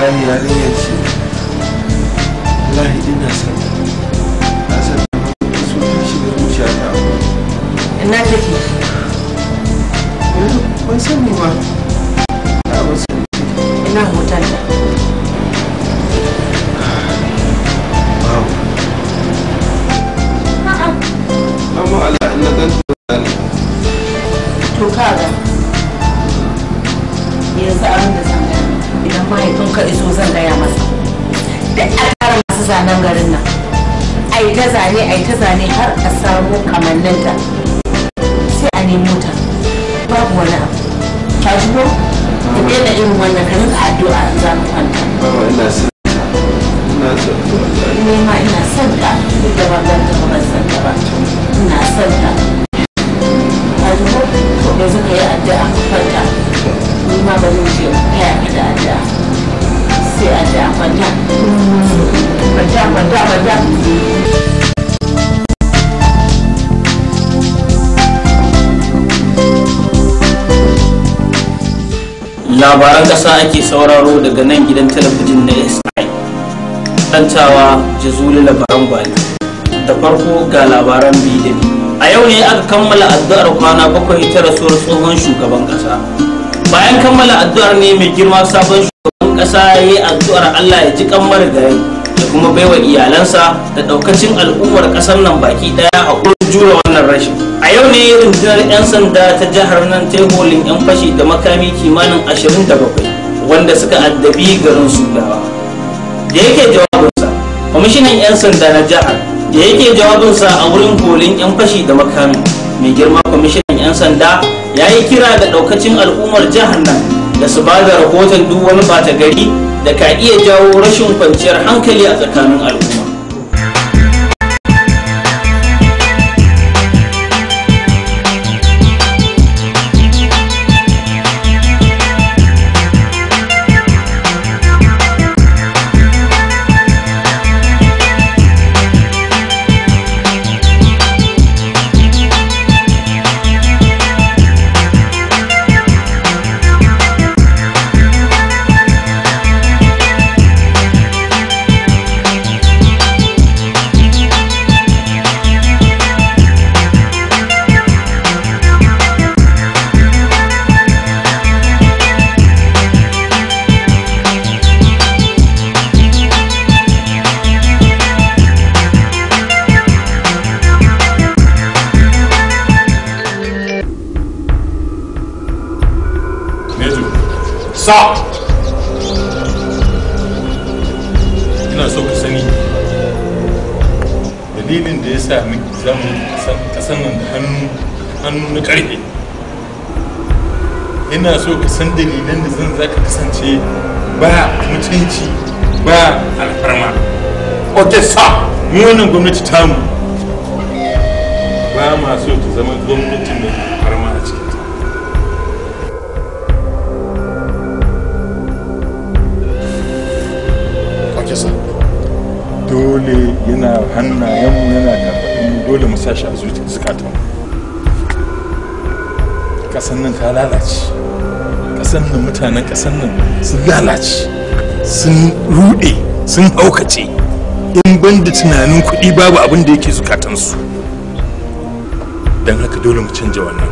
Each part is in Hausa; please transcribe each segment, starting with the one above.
wallahi ya rinya ce wallahi ina san na san su shi shiga zuciya ta ina take ban sani ba ina zanen garin nan yi ta zane a yi ta zane har a samu kamanninta sai a nemo ta babu wani abu ta shigo ta daina irin wannan ka rinka addu'a in za mu kwanta ina son ni ma ina son ta duk da ban ta ba ban san ta ba ina son ta ta shigo yanzu ka yi addu'a ka kwanta ni ma ba zan je taya ka da addu'a sai addu'a kwanta labaran ƙasa ake sauraro daga nan gidan talabijin na SI tantawa jazuli labaran gwali da farko ga labaran bidiyo a yau ne aka kammala addu'ar kwana bakwai ta rasuwar tsohon shugaban ƙasa bayan kammala addu'ar ne mai girma sabon shugaban ƙasa ya yi addu'ar allah ya ji kammar yai." kuma baiwa iyalansa da daukacin al'ummar kasar nan baki daya haƙurin jura wannan rashin a yau ne rundunar 'yan sanda ta jihar nan ta holin 'yan fashi da makami kimanin ashirin da 27 wanda suka addabi garin sudawa da yake jawabinsa kwamishinan 'yan sanda na jihar da yake jawabinsa a wurin holin 'yan fashi da makami mai girma kwamishinan 'yan sanda ya yi kira da daukacin al'ummar jihar nan da su ba da rahoton duk wani bata gari da ka iya jawo rashin kwanciyar hankali a tsakanin al'umma ina so ka san dalilan da zan za ka kasance ba mutunci ba alfarma ok sa mu wannan gwamnati tamu ba ma so ta zama gwamnati mai alfarma a cikin ok sa dole yana hannayenmu yana karfafinmu dole mu sashi a zuciya zukatanmu kasan nan ta lalace ƙasar nan mutanen ƙasar nan sun lalace sun rude sun haukace in ban da tunanin kuɗi babu abin da yake zukatansu don haka dole mu canja wannan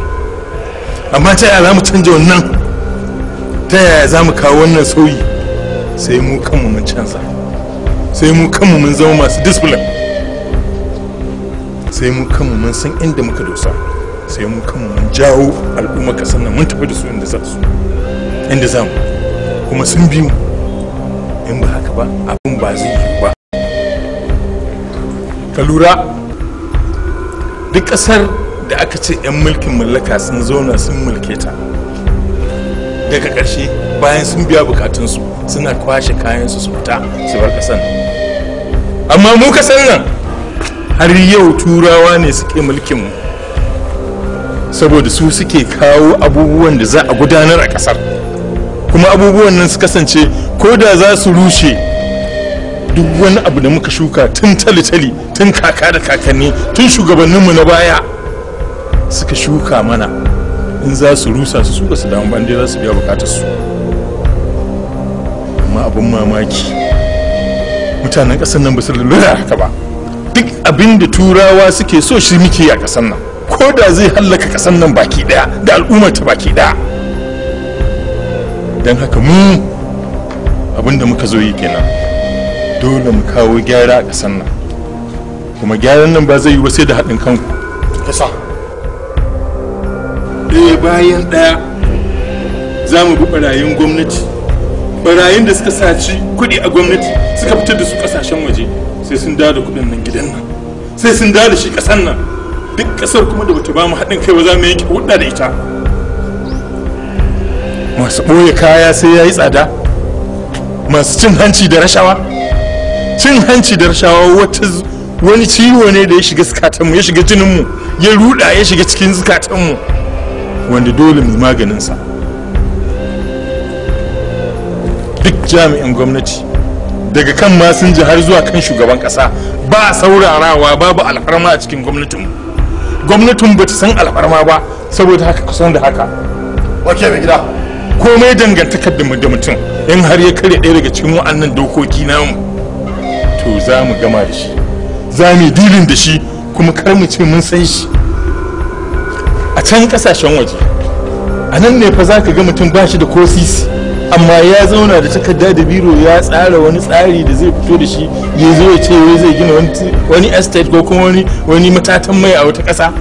amma ta yaya za mu canja wannan ta yaya za mu kawo wannan sauyi sai mu kanmu mun canza sai mu kanmu mun zama masu discipline sai mu kanmu mun san inda muka dosa sai mu kanmu mun jawo al'umma kasar nan mun tafi da su inda za su inda zamu kuma sun biyu in ba haka ba abin ba zai yi ba ka lura duk ƙasar da aka ce 'yan mulkin mallaka sun zauna sun mulke ta daga ƙarshe bayan sun biya bukatunsu suna kwashe kayansu su fita su bar ƙasar amma mu ƙasar nan har yau turawa ne suke mulkin mu saboda su suke kawo abubuwan da za a gudanar a ƙasar kuma abubuwan nan su kasance ko da za su rushe duk wani abu da muka shuka tun tali-tali tun kaka da kakanni tun shugabanninmu na baya suka shuka mana in za su rusa su suka su damu ba za su biya bukatar su amma abin mamaki mutanen ƙasar nan ba su lura haka ba duk abin da turawa suke so shi muke a ƙasar nan ko da zai hallaka ƙasar nan baki ɗaya da al'ummar ta baki ɗaya. don haka mu abinda muka zo yi kenan dole mu kawo gyara a ƙasar nan kuma gyaran nan ba zai yi sai da haɗin kanku ƙasa ɗaya bayan ɗaya za mu bi ɓarayin gwamnati ɓarayin da suka saci kuɗi a gwamnati suka fitar da su ƙasashen waje sai sun da kuɗin nan gidan nan sai sun da shi ƙasar nan duk ƙasar kuma da bata ba mu haɗin kai ba za mu yanke hudda da ita masu ɓoye kaya sai ya yi tsada masu cin hanci da rashawa cin hanci da rashawa wata wani ciwo ne da ya shiga zukatanmu ya shiga jininmu ya ruda ya shiga cikin zukatanmu wanda dole mu maganinsa duk jami'in gwamnati daga kan masinja har zuwa kan shugaban kasa ba saurarawa babu alfarma a cikin gwamnatin gwamnatin ba ta san alfarma ba saboda haka kusan da haka wake mai gida komai dangantakar da da mutum in har ya karya ɗaya daga cikin wa'annan dokoki mu to za mu gama da shi za mu dilin da shi kuma kar mu ce mun san shi a can kasashen waje a nan ne fa za ka ga mutum ba shi da ko sisi amma ya zauna da takarda da biro ya tsara wani tsari da zai fito da shi ya zo ya ce wai zai gina wani estate ko kuma wani matatan mai a wata ƙasa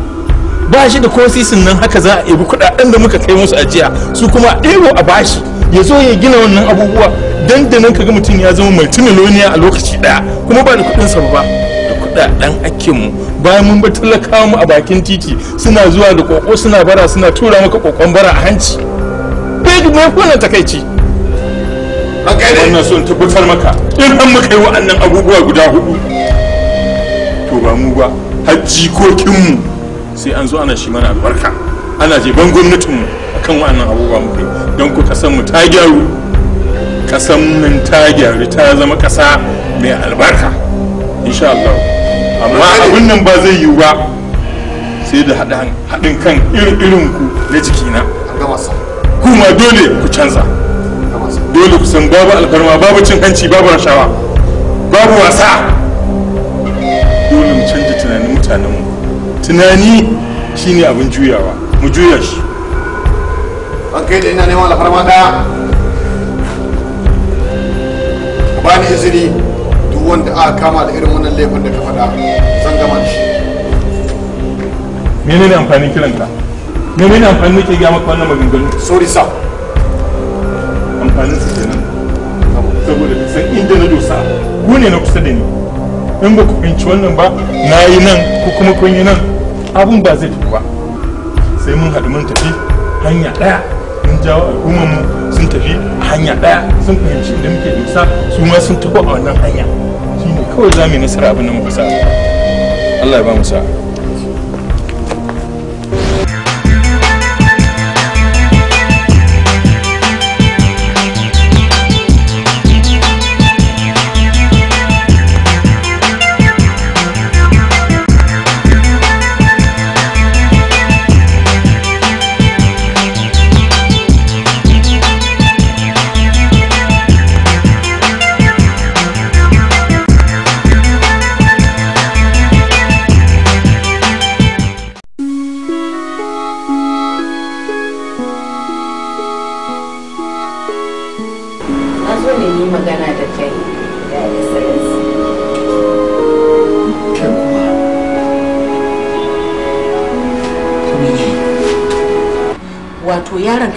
ba shi da kosisin nan haka za a ibi kuɗaɗen da muka kai musu ajiya su kuma ɗebo a bashi ya zo ya gina wannan abubuwa nan kaga mutum ya zama mai tunaloniya a lokaci daya kuma ba da kuɗin sa ba da kudaden ake mu bayan mun bar talakawa mu a bakin titi suna zuwa da koko suna bara suna tura maka kokon bara a hanci bai da mai wannan takaici wannan son tabbatar maka in an muka yi wa'annan abubuwa guda hudu to ba mu ba mu. sai an zo ana shi mana albarka ana je ban gwamnatinmu a kan wa'annan abubuwa muke don ku mu ta gyaru kasan nan ta gyaru ta zama kasa mai albarka insha Allah amma abin nan ba zai yiwu ba sai da haɗin kan irin ku na jikina kuma dole ku canza dole ku san babu alfarma babu cin hanci babu rashawa babu wasa dole mu canza tunanin mutanenmu tunani shine abin juyawa mu juya shi an kai da ina neman alfarma daya ka ni izini duk wanda aka kama da irin wannan laifin da ka faɗa zan gama da shi menene amfanin kiranka menene amfanin nake gaya maka wannan maganganu sorry sir amfanin su kenan saboda san inda na dosa ku ne na kusa da ni in ba ku fahimci wannan ba na yi nan ko kuma kun yi nan abun ba zai tafi ba sai mun haɗu mun tafi hanya ɗaya mun jawo al'ummar mu sun tafi hanya ɗaya sun fahimci idan muke dusa su ma sun tafi a wannan hanya shine kawai za mu yi nasara abin da muka sa Allah ya ba mu sa'a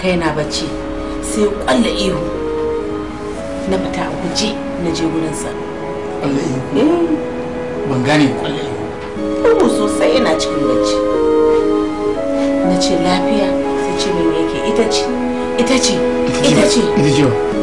ka yana bacci sai kwalla ihu na fita a guje na je gurinsa kwalla ihu eh. ban gane kwalla ihu ko sosai yana cikin bacci na ce lafiya sai ce mai yake ita ce ita ce ita ce ita ce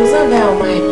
Rosanel Maia.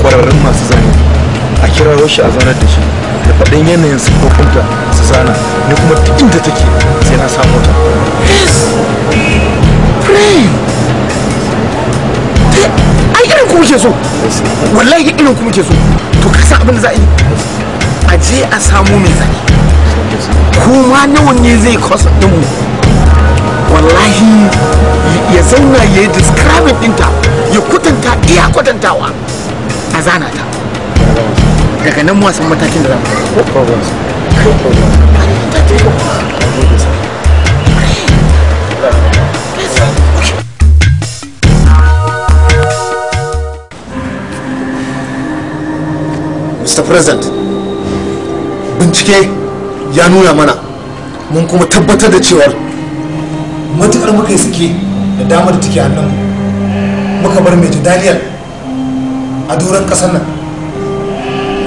kwararrun masu zane a kirawo shi a zanar da shi da faɗin yanayin siffofinta su zana ni kuma duk inda take sai na samu ta ai irin kuma ke so wallahi irin kuma ke so to ka san abin da za a yi a je a samu mai zane kuma nawa ne zai kosa ɗinmu wallahi ya zauna ya yi describing ɗinta ya kwatanta iya kwatantawa ka zana ta daga nan wasan matakin da za Mr. President, bincike ya nuna mana mun kuma tabbatar da cewar matukar muka yi suke da damar da take hannun muka bar mai jidaliyar a doron kasar nan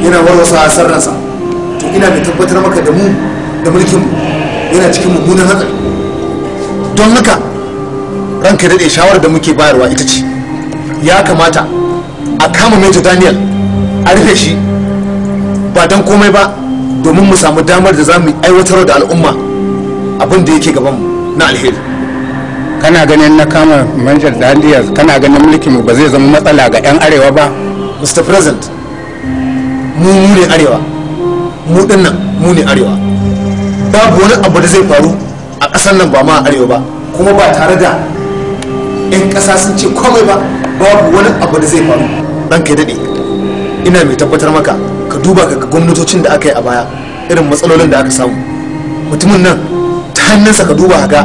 yana warwasa a sarransa to ina mai tabbatar maka da mu da mulkinmu yana cikin mummunan hatsari don haka ranka daɗe shawarar da muke bayarwa ita ce ya kamata a kama major daniel a rufe shi ba don komai ba domin mu samu damar da za mu aiwatar da al'umma abin da yake gabanmu na alheri kana ganin na kama manjar daniel kana ganin mulkinmu ba zai zama matsala ga 'yan arewa ba mr president mu mu ne arewa mu dinnan mu ne arewa babu wani abu da zai faru a ƙasar nan ba ma arewa ba kuma ba tare da 'yan ƙasa sun ce komai ba babu wani abu da zai faru dan kai daɗe ina mai tabbatar maka ka duba ka gwamnatocin da aka yi a baya irin matsalolin da aka samu mutumin nan ta hannunsa ka duba ga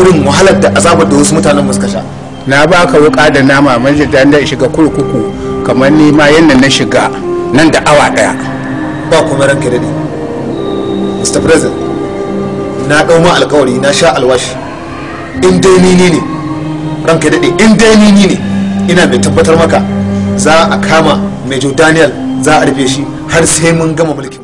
irin wahalar da azabar da wasu mutanen muskasha na baka wuka da nama manje da shiga kurkuku kamar ni ma yadda na shiga nan da awa daya ba kuma ranke da ne mr president na ɗau ma alkawari na sha alwashi in dai ni ne ranka daɗe in dai ni ne ina mai tabbatar maka za a kama major daniel za a rufe shi har sai mun gama mulkin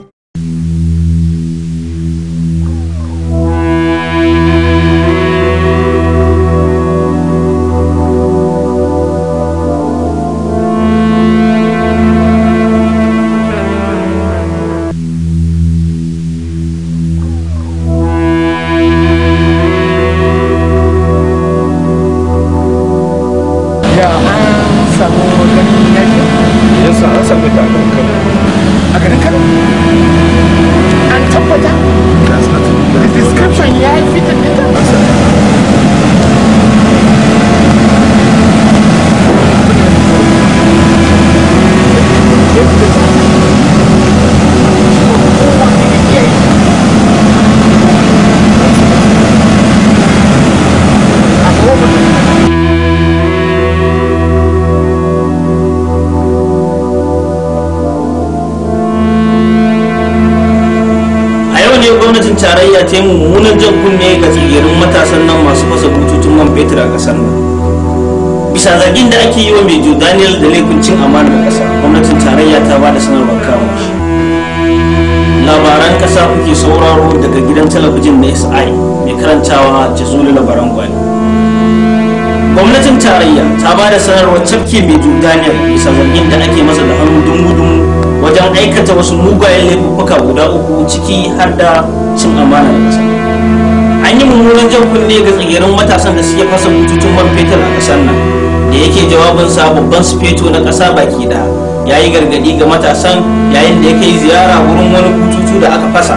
gwamnatin tarayya ta yi mummunan jan kunne ga tsigirin matasan nan masu fasa bututun man fetur a kasar nan bisa zargin da ake yi wa jo daniel da laifin cin amanar kasa gwamnatin tarayya ta ba da sanarwar kama labaran kasa kuke sauraro daga gidan talabijin na si mai karantawa jazuli labaran gwani gwamnatin tarayya ta ba da sanarwar cafke mai daniel bisa zargin da ake masa da hannu dungu-dungu wajen aikata wasu mugayen laifuka guda uku ciki har da cin amana da ƙasa an yi mummunan jan kunne ga tsagirin matasan da suke fasa bututun man fetur a ƙasar nan da yake jawabinsa babban sufeto na ƙasa baki da ya yi gargaɗi ga matasan yayin da ya kai ziyara wurin wani bututu da aka fasa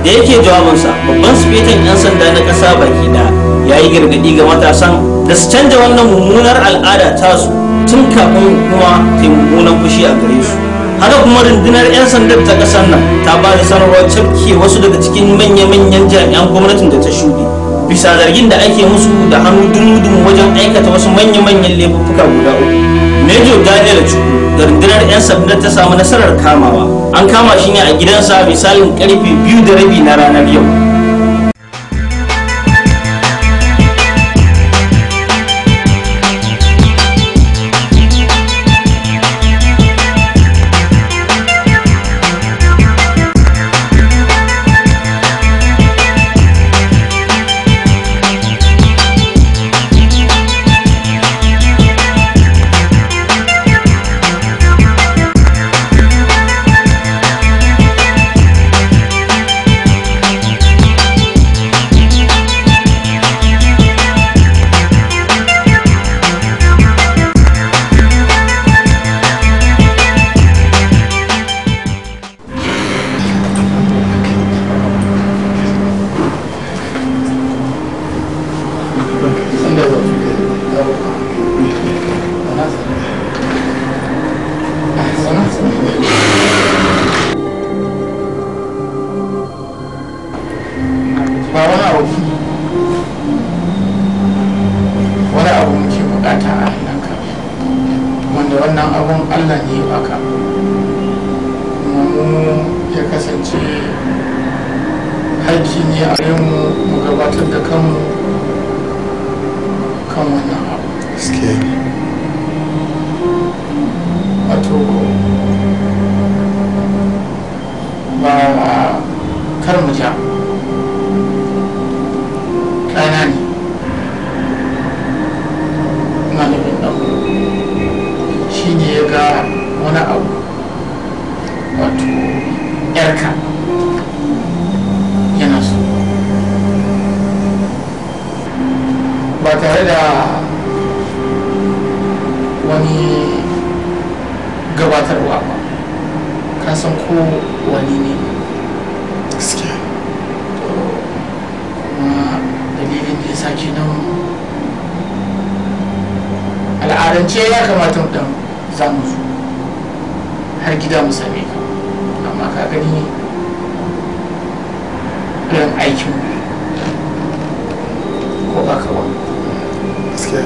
da yake jawabinsa babban sufeton 'yan sanda na ƙasa baki da ya yi gargadi ga matasan da su canja wannan mummunar al'ada ta su tun kafin kuma ta mummunan fushi a gare su haka kuma rundunar 'yan sandar ta kasar nan ta ba da sanarwar cafke wasu daga cikin manya-manyan jami'an gwamnatin da ta shuɗe bisa zargin da ake musu da hannu dunudun wajen aikata wasu manya-manyan laifuka guda uku. Major Daniel Chukwu da rundunar 'yan sanda ta samu nasarar kamawa. An kama shi ne a gidansa misalin karfe biyu da rabi na ranar yau. rance ya kamata mu dan za mu zo har gida mu same ka amma ka gani irin aikin ko ba ka ba gaskiya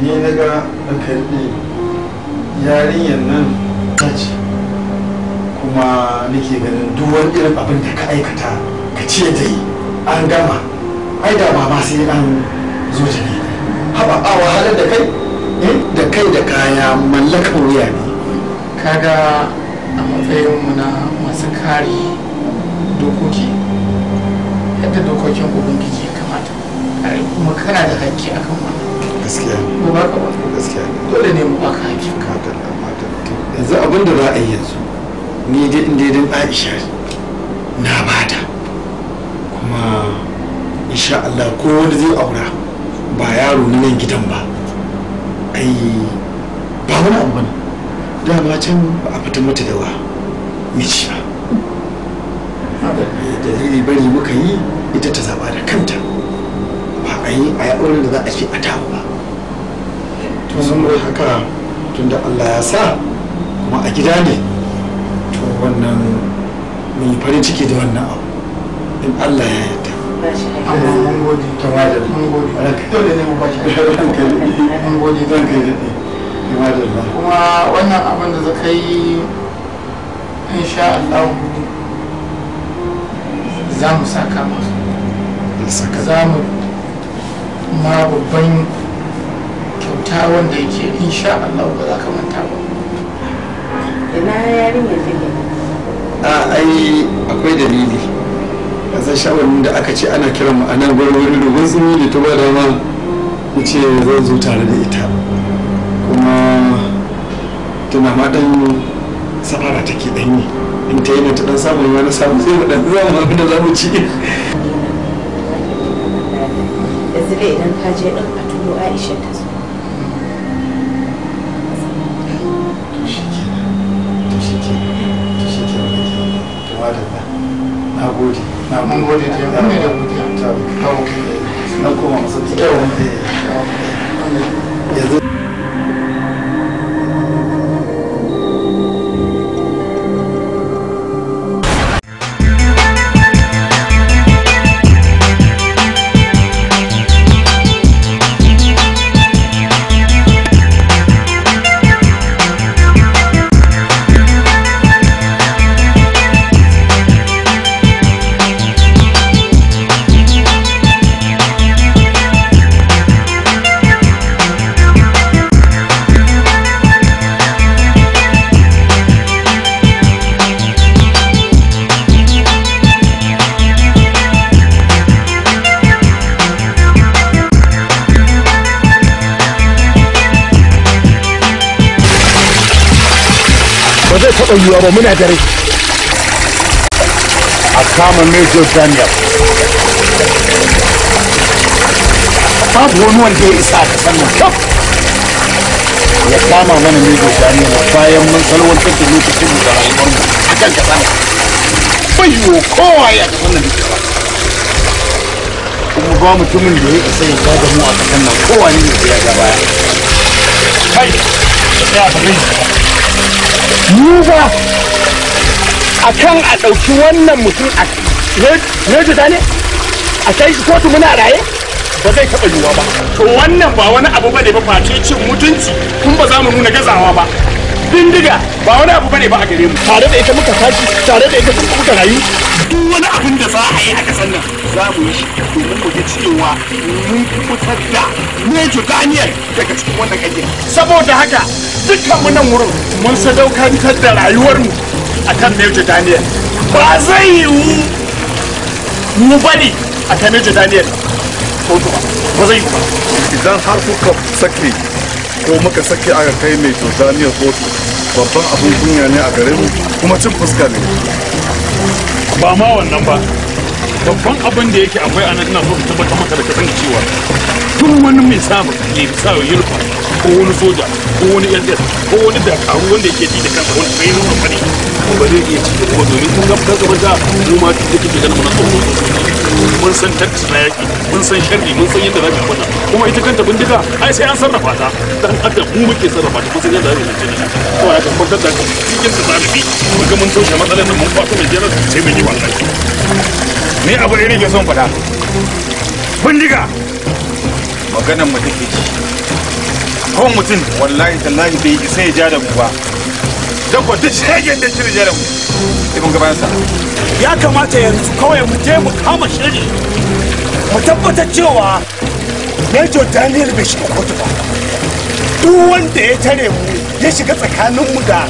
ni na ga na karbe yarinyar nan ta ce kuma nake ganin duk wani irin abin da ka aikata ka ce da yi an gama ai da ba ma sai an zo jini ne haɓaɓawa a da kai eh, da kai da kaya mallakar wuya ne kaga a matsayinmu na masu kare dokoki yadda dokokin ubangiji ya kamata kare kuma kana da hakki akan wani gaskiya ko ba ka ba gaskiya dole ne mu baka hakki ka da yanzu abin da za a yi yanzu ni dai in daidan Aisha na bada kuma insha Allah ko wanda zai aura ba yaro na nan gidan ba ai ba wani abu bane dama can ba a fitar mata da wa miji ba dalili bari muka yi ita ta zaba da kanta ba a yi a yaƙorin da za a ce a dawo ba to mai haka tun da allah ya sa kuma a gida ne to wannan mun farin ciki da wannan abu in allah ya yi mun ta kuma wannan abin da zaka yi sha Allah za mu saka masu za mu ma babban kyauta wanda yake insha Allah ba za ka manta ba ina yarinya take a ai akwai dalili sha shawarin da aka ce ana kiran mu a nan gwamnati wani dogon sun yi da ta ba dama mu ce zan zo tare da ita kuma tana ma dan safara take dan yi in ta yi na ta dan samun wani samu sai mu dan zama abin da za mu ci yanzu dai idan ka je a turo aisha ta zo na mun gode da mun ne da godiya ta kawo kai na koma masu kyau yanzu taɓa yiwuwa ba muna dare a kama major daniel babu wani wanda ya isa a kasar nan kaf ya kama mana major daniel bayan mun salwantar da lokacin mu da rayuwar mu a kan kasar bai yiwu kowa ya kasar nan da kuma ba mutumin da ya isa ya gada mu a kan nan kowa ne ya gaba kai ya ba Yuba a kan a ɗauki wannan mutum a rejita ne a kai shi kotu muna raye ba zai taɓa yiwuwa ba to wannan ba wani abu bane ba face cin mutunci kun ba za mu nuna gazawa ba bindiga ba wani abu bane ba a gare mu tare da ita muka tashi tare da ita muka rayu duk wani abin da za a yi a kasan nan za mu yi shi domin mu ji cewa mun fitar da Major Daniel daga cikin wannan ƙarya. Saboda haka dukkan mu nan wurin mun sadaukantar da rayuwarmu mu akan Major Daniel. Ba zai yiwu mu bari akan kan Major Daniel. Ko ba zai yiwu ba. Idan har kuka sake ko muka sake aka kai Major Daniel kotu babban abin kunya ne a gare mu kuma cin fuska ne. ba ma wannan ba babban abin da yake akwai a nan ina so ka tabbatar maka da kasan cewa tun wani mai sabu ya fi sa yurfa ko wani soja ko wani ss ko wani dakaru wanda yake ji da kansa wani bai nuna fari ko ba zai iya ko domin kun ga kaga ba mu ma duk da kike ganin mun tsoro mun san tarkis na yaƙi mun san sharri mun san yadda za ka kuma ita kanta bindiga ai sai an sarrafa ta dan adam mu muke sarrafa ta kusan yadda za mu ce da ko ya kan kwanta da cikin ta zalibi mun ga mun toshe matsalar nan mun kwato mai jerar sai mun yi ni abu irin ke son fada bindiga maganar mu take ci ko mutum wallahi tallahi bai isa ya ja da mu ba don ko duk shegen da shirya da mu sai mun gaban sa ya kamata yanzu kawai mu je mu kama shiri mu tabbatar cewa mejo Daniel bai shiga kotu ba duk wanda ya tare mu ya shiga tsakanin mu da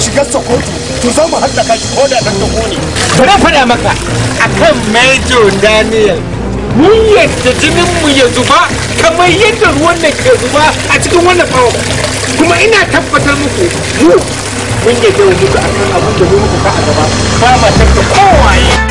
shiga sokoto to za mu hallaka shi ko da ɗan da ne. Bari faɗa maka akan Daniel mun yadda jinin mu ya zuba kamar yadda ruwan da ke zuba a cikin wannan fawa kuma ina tabbatar muku mun yadda muku akan abin da muka sa a gaba ba ma shakka kowaye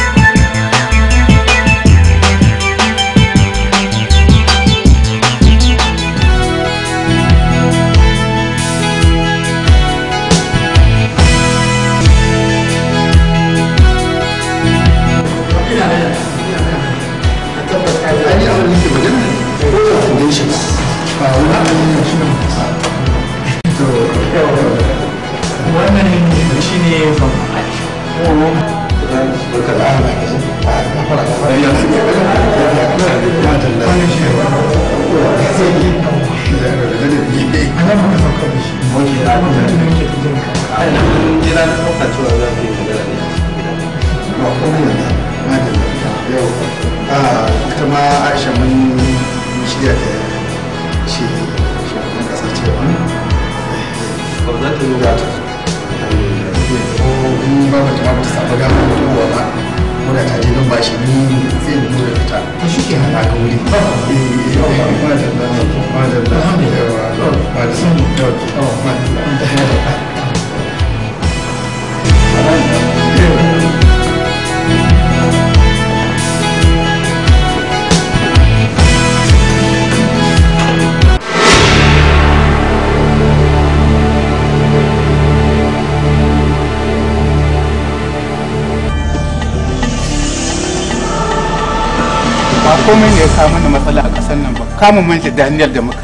kama manta daniel da muka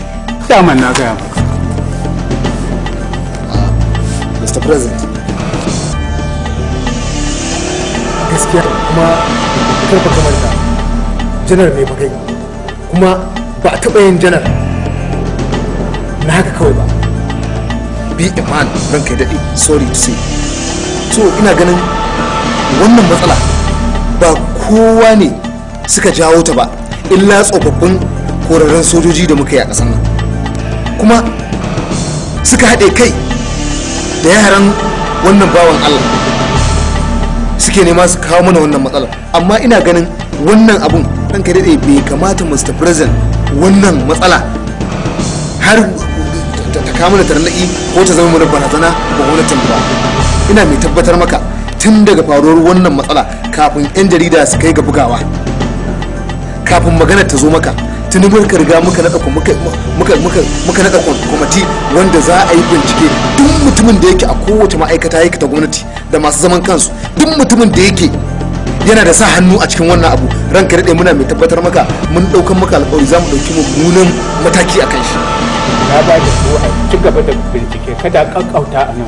daman na gaya muka mr president gaskiya kuma karfa kamar ta janar mai bagai kuma ba a taɓa yin janar na haka kawai ba bi iman don kai daɗe sorry to say so ina ganin wannan matsala ba kowa ne suka jawo ta ba illa tsofaffin horarren sojoji da muka yi a ƙasar nan kuma suka haɗe kai da yaran wannan bawan allah suke nema su kawo mana wannan matsala amma ina ganin wannan abun ɗan ka daɗe bai kamata mr president wannan matsala har ta kama da tarnaƙi ko ta zama mana barazana ga gwamnatin ba ina mai tabbatar maka tun daga faruwar wannan matsala kafin 'yan jarida su kai ga bugawa kafin magana ta zo maka tuni muka riga muka nada muka muka muka nada wanda za a yi bincike duk mutumin da yake a kowace ma'aikata yake ta gwamnati da masu zaman kansu duk mutumin da yake yana da sa hannu a cikin wannan abu ranka daɗe muna mai tabbatar maka mun ɗaukan maka alƙawari za mu ɗauki mummunan mataki a kan shi na ba da su a ci gaba da bincike kada ƙaƙƙauta a nan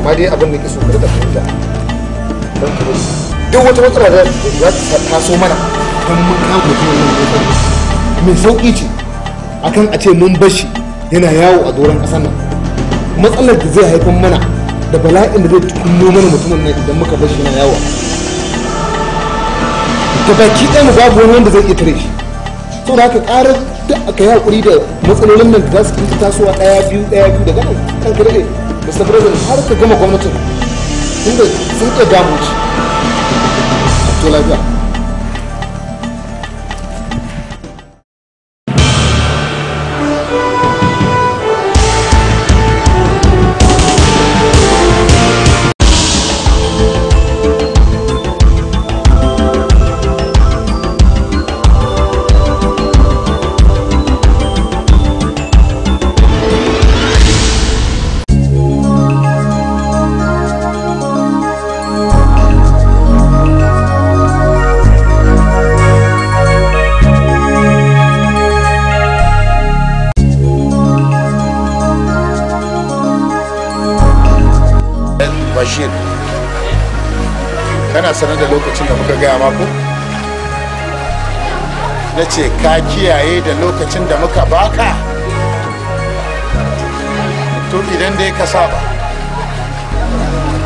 amma dai abin da ke so ka da fahimta don ka duk wata matsala za ta taso mana kan mun kawo mutum wannan dokar mai sauƙi ce akan a ce mun bashi yana yawo a doron ƙasar nan matsalar da zai haifar mana da bala'in da zai tukunno mana mutumin nan idan muka bashi yana yawo da baki ɗaya mu babu wani wanda zai iya tare shi to da ka ƙara da aka yi haƙuri da matsalolin nan da za su kinta tasowa ɗaya biyu ɗaya biyu daga nan kan ka daɗe mr president har ka gama gwamnatin inda sun ka damu ci a to lafiya sanar da lokacin da muka gaya mako na ce ka kiyaye da lokacin da muka baka to idan dai ka saba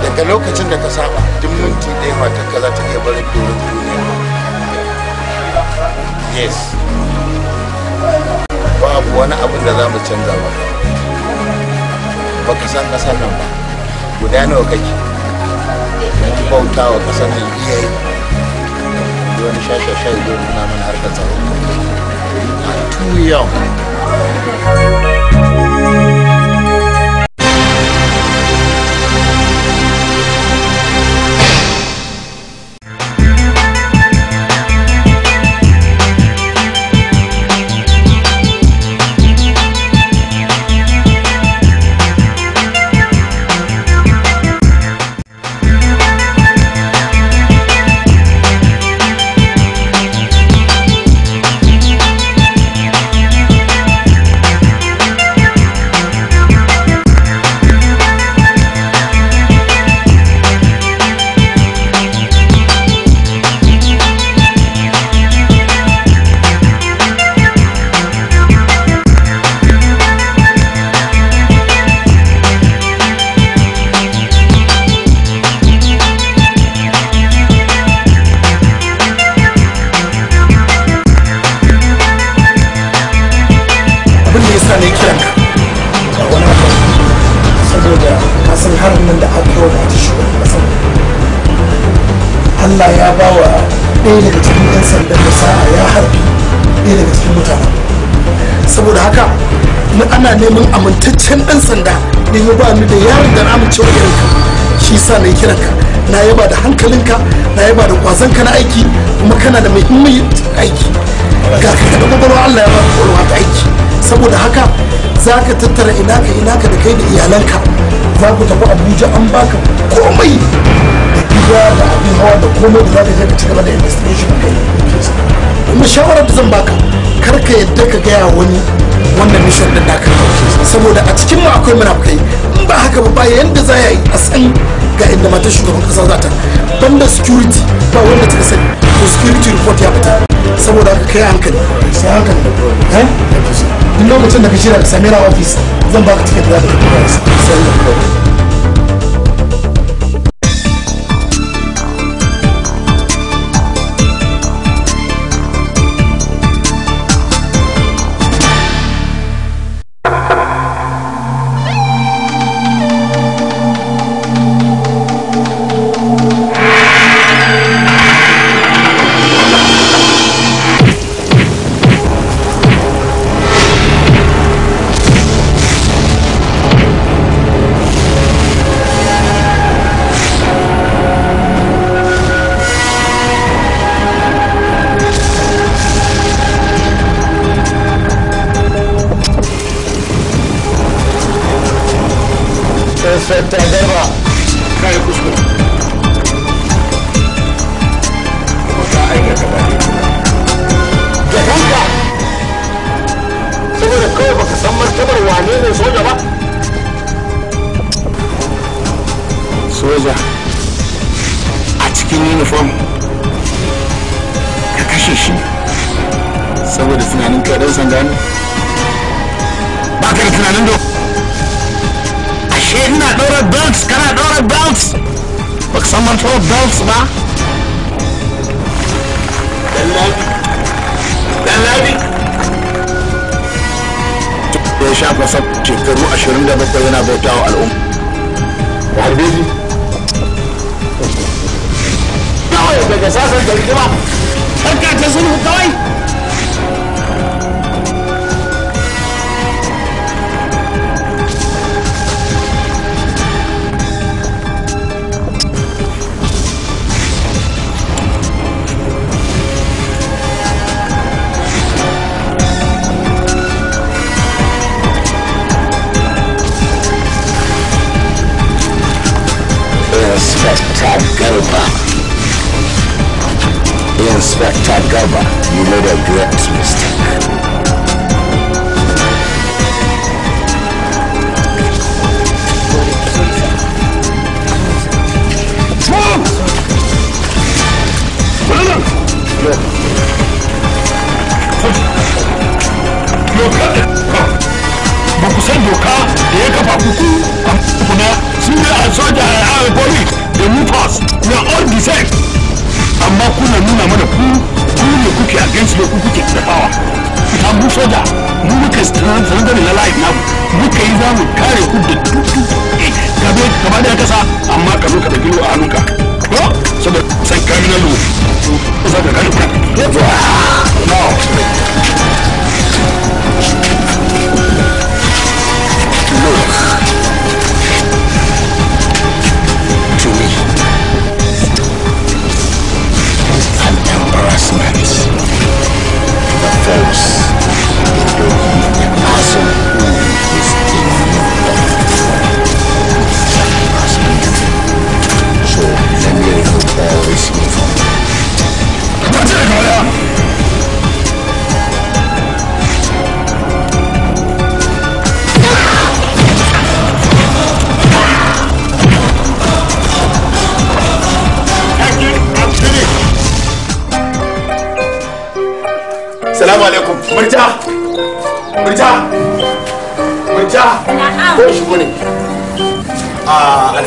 daga lokacin da ka saba duk minti ɗaya matar ka za ta iya barin doron duniya yes babu wani abin da za mu canza ba baka san kasar nan ba guda nawa kake bauta wa ƙasar nan iya yi wani shashasha zai nuna mana harkar tsaro a tuyon shi sa na kiran ka na yaba da hankalinka na yaba da ka na aiki kuma kana da muhimmin aiki ga ka da kwakwalwa Allah ya ba kwakwalwa ta aiki saboda haka za ka tattara ina ka ina ka da kai da iyalanka za ku tafi Abuja an baka komai da gida da abin hawa da komai da za ka je ka cigaba da investigation kai kuma shawarar da zan baka kar ka yadda ka gaya wani wannan mission din ka saboda a cikin mu akwai munafukai in ba haka ba ba yanda za a yi a san ga inda mata shugaban kasa za ta banda security ba wanda ta sani to security report ya fita saboda haka kai hankali sai hankali eh duk lokacin da ka shirya da samira office zan baka ticket da ka tafi sai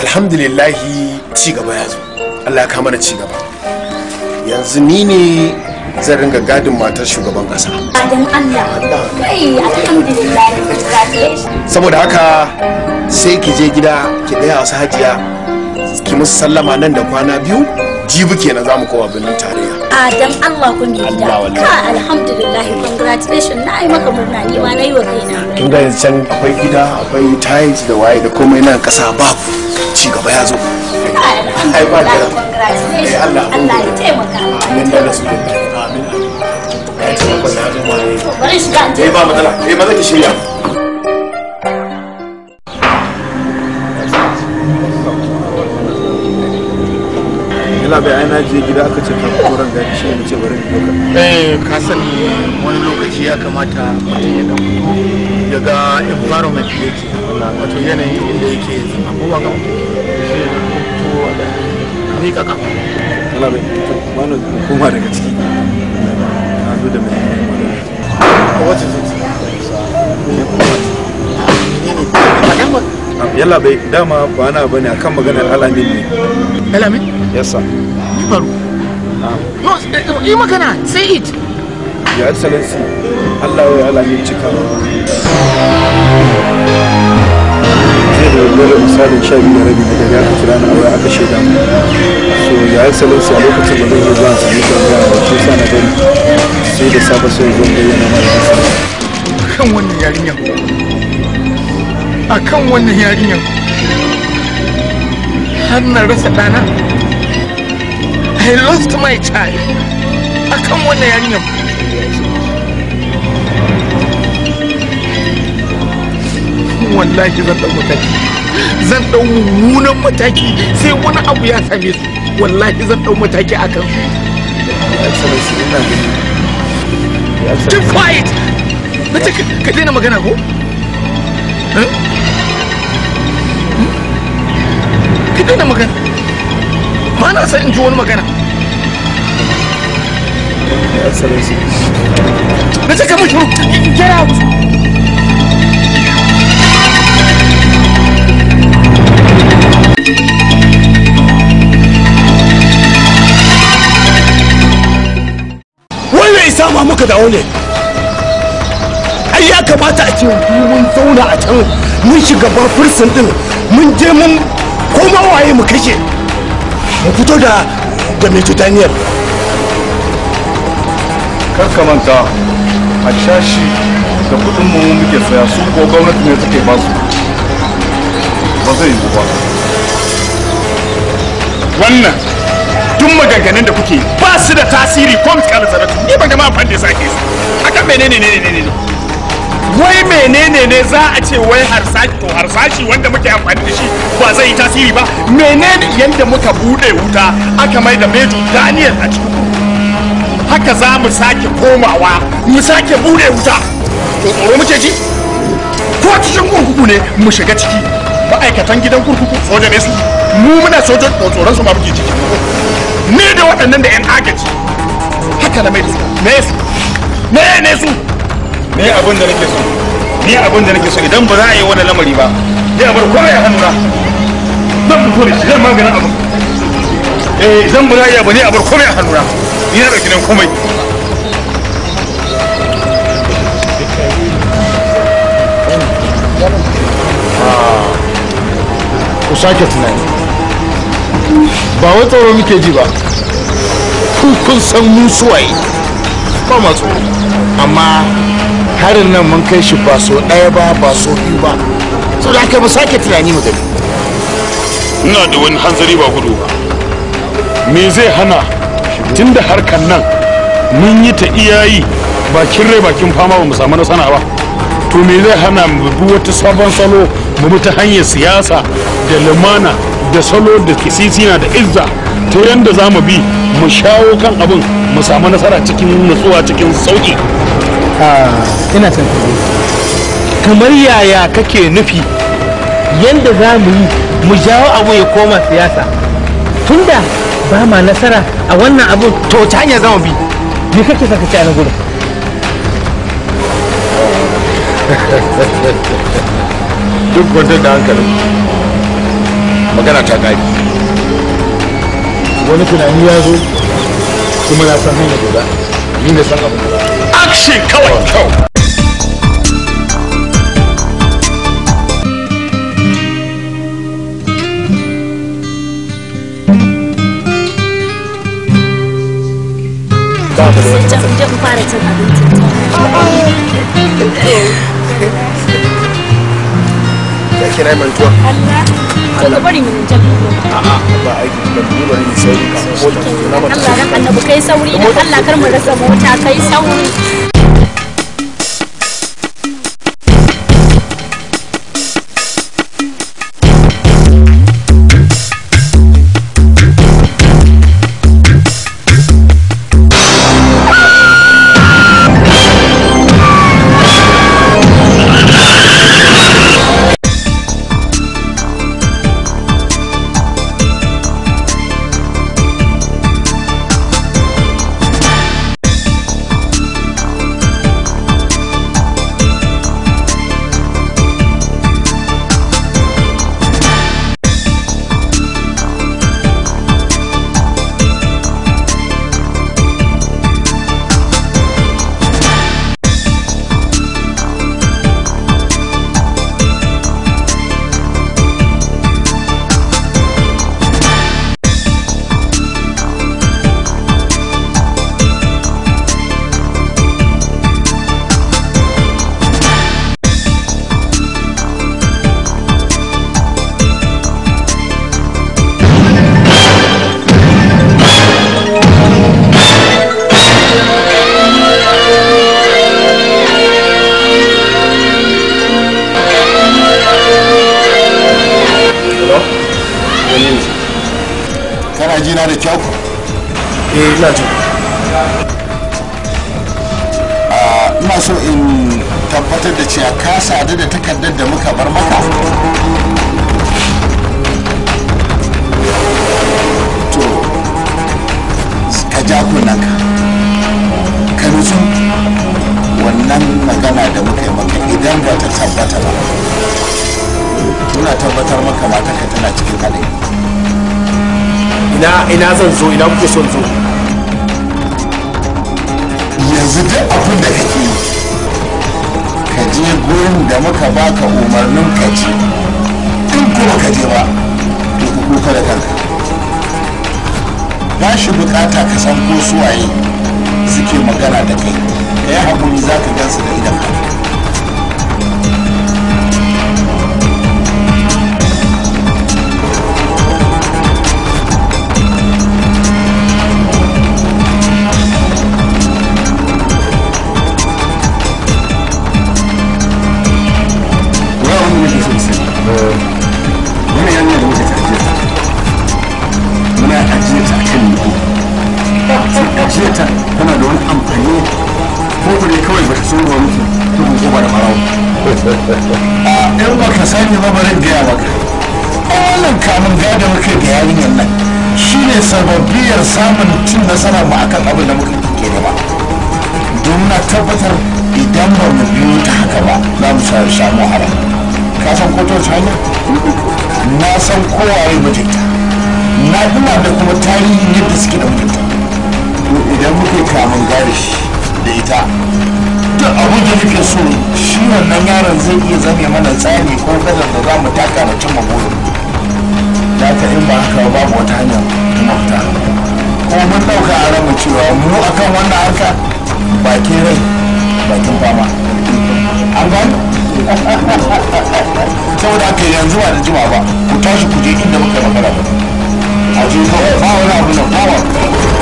alhamdulillahi cigaba ya zo allah ya kama da cigaba yanzu ni ne zan ringa gadin matar shugaban kasa saboda haka sai ki je gida ki gaya wasu hajiya ki musu sallama nan da kwana biyu jibi kenan za mu koma birnin tarayya adam allah ku mai gida ka alhamdulillah congratulations na yi maka murna ni ma na wa kaina tun da yanzu can akwai gida akwai tiles da waye da komai nan kasa babu ci gaba ya zo ai ba da eh, allah allah ya taimaka amin da amin amin eh, ba matsala eh shirya Allah bai aina je gida aka ce ka fito ran gani shi ne ce bari mu eh ka san wani lokaci ya kamata mutum ya dan ya ga environment da yake wato yanayin inda yake zama ko ba to ni kaka Allah bai to wani kuma daga ciki da mai yalla bai dama ba na bane akan maganar alamin ne alamin yes sir ni faru no eh, eh, yi magana say it ya excellency Allah ya alamin cika zai da wani misalin sha biyu da rabi da dare aka kira na aure aka shaida so ya excellency a lokacin da zan yi zuwa sami da sa na gani da safe sai zo da yana kan wannan yarinyar a kan wannan yarinyar har na rasa ɗana i lost my child a kan wannan yarinyar wallahi zan ɗau mataki zan ɗau mummunan mataki sai wani abu ya same su wallahi zan ɗau mataki a kan Keep quiet! Ka daina magana ko? ki daina magana ba na san in ji wani magana na ce ka mutu get out sama muka dawo ne ai ya kamata a ce mun zauna a can mun shiga ba fursun din mun je mun koma waye mu kashe mu fito da da mai tutaniyar kar manta a shashi da kudin mu muke saya su ko gwamnati ne take ba su ba zai yi ba wannan duk maganganun da kuke ba su da tasiri ko miskalin sadatu ni ban ga ma amfani da sake su akan ne ne ne ne ne wai menene ne za a ce wai harsashi to harsashi wanda muke amfani da shi ba zai yi tasiri ba menene yadda muka bude wuta aka mai da mejo daniel a cikin haka za mu sake komawa mu sake bude wuta to tsoro muke ji ko cikin kurkuku ne mu shiga ciki ma'aikatan gidan kurkuku soja ne su mu muna sojan to tsoron su ma muke ciki ne da waɗannan da yan agaji haka na mai da su ne su ne ne su ne abin da nake so ne abin da nake so idan ba za a yi wani lamari ba zai bar komai a hannuna zan fito da shi zan maganin abin eh zan ba za a iya ba ne a bar komai a hannuna ni na ɗauki nan komai ah. ku sake tunani ba wai tsoro muke ji ba kun san mu suwaye ba ma tsoro amma harin nan mun kai shi ba so ɗaya ba ba so biyu ba so da aka mu sake tunani mu gani ina da wani hanzari ba gudu ba me zai hana tun tunda harkar nan mun yi ta iyayi bakin rai bakin fama ba mu samu nasana ba to me zai hana mu bi wata sabon salo mu bi ta hanyar siyasa da lumana da salo da kisisina da izza ta yanda za mu bi mu shawo kan abin mu samu nasara cikin nutsuwa cikin sauki Ah, ina son kamar yaya kake nufi yadda za mu yi mu jawo abu ya koma siyasa tunda ba ma nasara a wannan abu to ta hanyar zama bi me kake saka ci a gudu duk kwantar da hankali magana ta gari wani tunani ya zo kuma na san hanyar da za ni na san abu da action, coach. coach. sẽ chậm chậm qua để cho cả đứng chậm chậm Để khi này mình chua Ăn lắm to bari mun jabi a'a ba aiki da bari sai ka na mata Allah dan annabi kai sauri dan Allah kar mu rasa mota kai sauri suwaye suke magana da kai ka yi haƙuri za ka gansu da idan sababiyar samun cin nasara mu akan abin da muka ke gaba. domin na tabbatar idan ba mu biyo ta haka ba za mu sa samu wahala ka san ko ta hanya na san kowaye mijinta na duna da kuma tarihin yadda suke da mijinta idan muke kamun gari da ita duk abin da muke so shi wannan yaron zai iya zame mana tsani ko gadar da za mu taka na cimma burin ta ta in ba haka ba wata hanyar ta mafita ko mun dauka a ranar cewa mu akan wannan harka bakin rai bakin fama an gani saboda haka yanzu ba da jima ba ku tashi ku je inda muka yi magana ba a je ba wani abu na kowa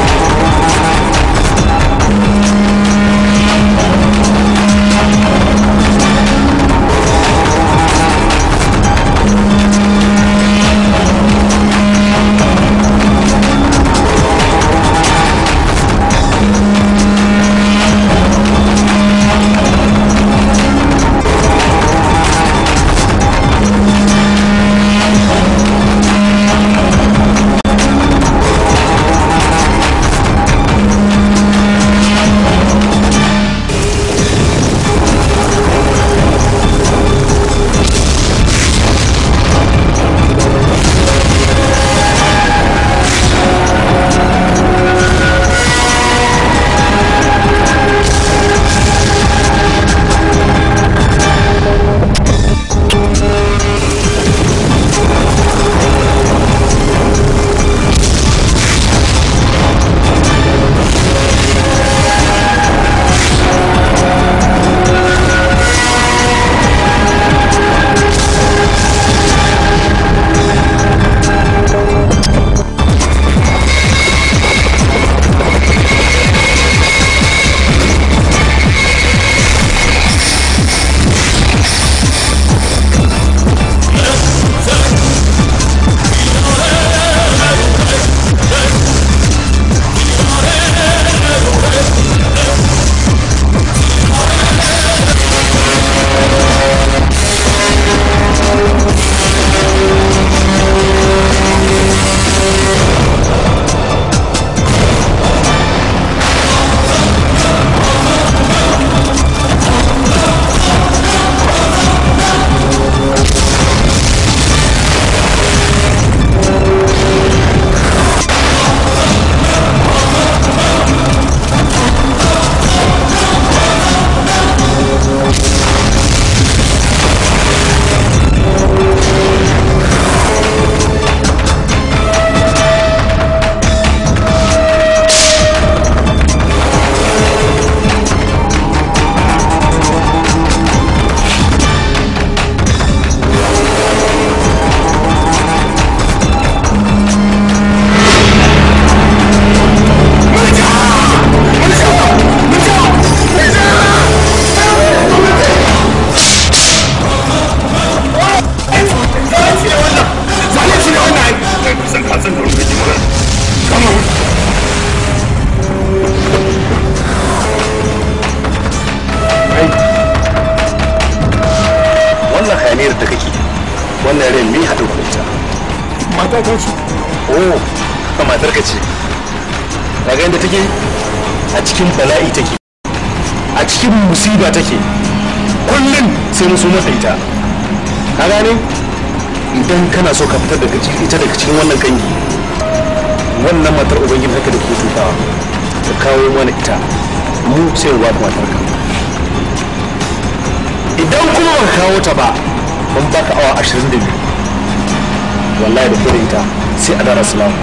wallahi da kure ita sai a dara salamu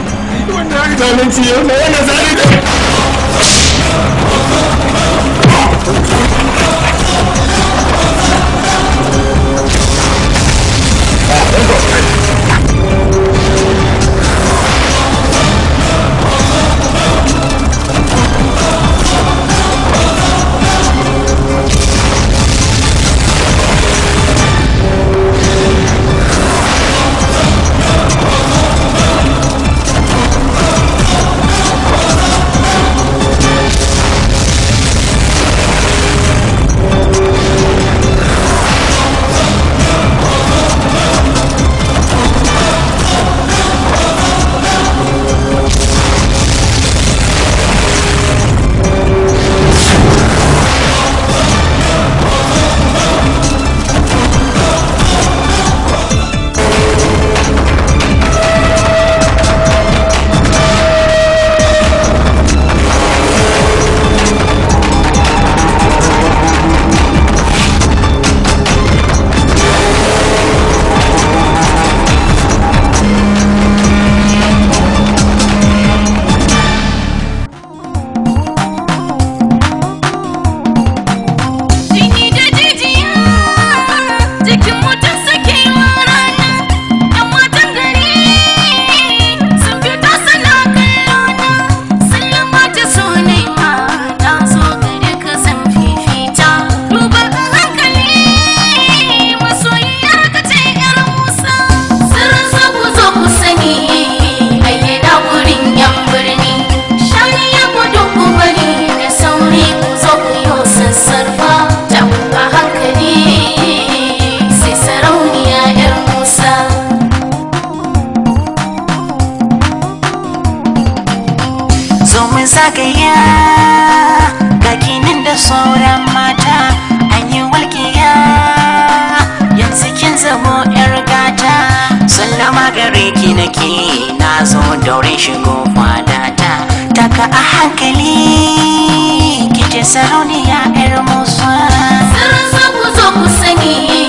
ya zalunci yau da wannan zalunci ah, hankali ki sarauniya 'yar musa. Sarar ku zo ku sani